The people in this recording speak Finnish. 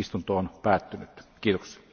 istunto on päättynyt kiitoksia.